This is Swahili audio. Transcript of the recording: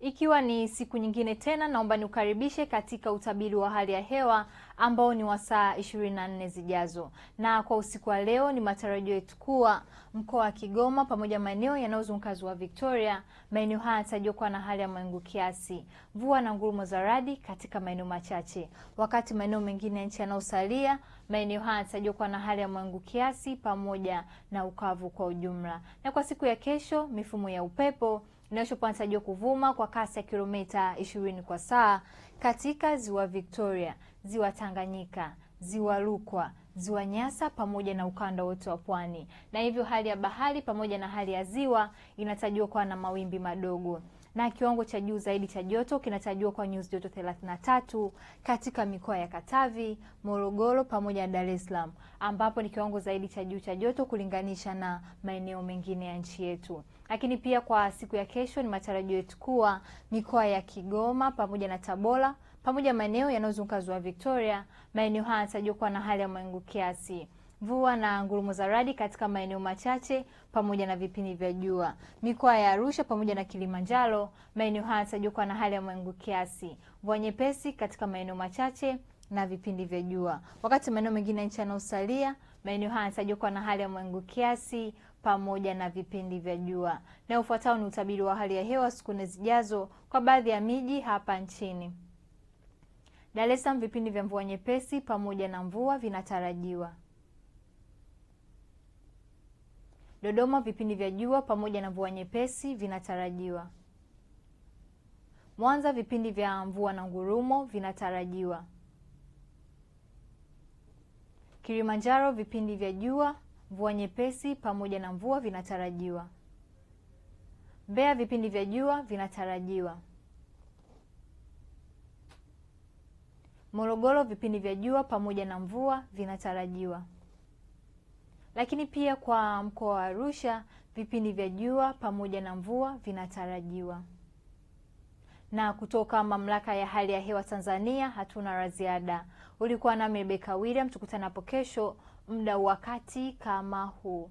Ikiwa ni siku nyingine tena, naomba niukaribishe katika utabiri wa hali ya hewa ambao ni wa saa 24 zijazo. Na kwa usiku wa leo, ni matarajio yetu kuwa mkoa wa Kigoma pamoja maeneo yanayozunguka ziwa Victoria, maeneo haya yanatarajiwa kuwa na hali ya mawingu kiasi, mvua na ngurumo za radi katika maeneo machache, wakati maeneo mengine ya nchi yanayosalia, maeneo haya yanatarajiwa kuwa na hali ya mawingu kiasi pamoja na ukavu kwa ujumla. Na kwa siku ya kesho, mifumo ya upepo Naoshopa anatarajiwa kuvuma kwa kasi ya kilomita 20 kwa saa katika ziwa Victoria, ziwa Tanganyika, ziwa Rukwa, ziwa Nyasa pamoja na ukanda wote wa pwani, na hivyo hali ya bahari pamoja na hali ya ziwa inatarajiwa kuwa na mawimbi madogo na kiwango cha juu zaidi cha joto kinatajwa kwa nyuzi joto 33 katika mikoa ya Katavi, Morogoro pamoja na Dar es Salaam, ambapo ni kiwango zaidi cha juu cha joto kulinganisha na maeneo mengine ya nchi yetu. Lakini pia kwa siku ya kesho ni matarajio yetu kuwa mikoa ya Kigoma pamoja na Tabora pamoja maeneo yanayozunguka ziwa Victoria, maeneo haya yanatajwa kuwa na hali ya mawingu kiasi mvua na ngurumo za radi katika maeneo machache pamoja na vipindi vya jua. Mikoa ya Arusha pamoja na Kilimanjaro, maeneo haya yatatajwa kuwa na hali ya mawingu kiasi, mvua nyepesi katika maeneo machache na vipindi vya jua, wakati maeneo mengine ya nchi yanayosalia, maeneo haya yanatajwa kuwa na hali ya mawingu kiasi pamoja na vipindi vya jua. Na ufuatao ni utabiri wa hali ya hewa siku nne zijazo kwa baadhi ya miji hapa nchini. Dar es Salaam, vipindi vya mvua nyepesi pamoja na mvua vinatarajiwa. Dodoma vipindi vya jua pamoja na mvua nyepesi vinatarajiwa. Mwanza vipindi vya mvua na ngurumo vinatarajiwa. Kilimanjaro vipindi vya jua, mvua nyepesi pamoja na mvua vinatarajiwa. Mbeya vipindi vya jua vinatarajiwa. Morogoro vipindi vya jua pamoja na mvua vinatarajiwa. Lakini pia kwa mkoa wa Arusha vipindi vya jua pamoja na mvua vinatarajiwa. Na kutoka mamlaka ya hali ya hewa Tanzania hatuna la ziada. Ulikuwa nami Rebecca William, tukutanapo kesho muda wakati kama huu.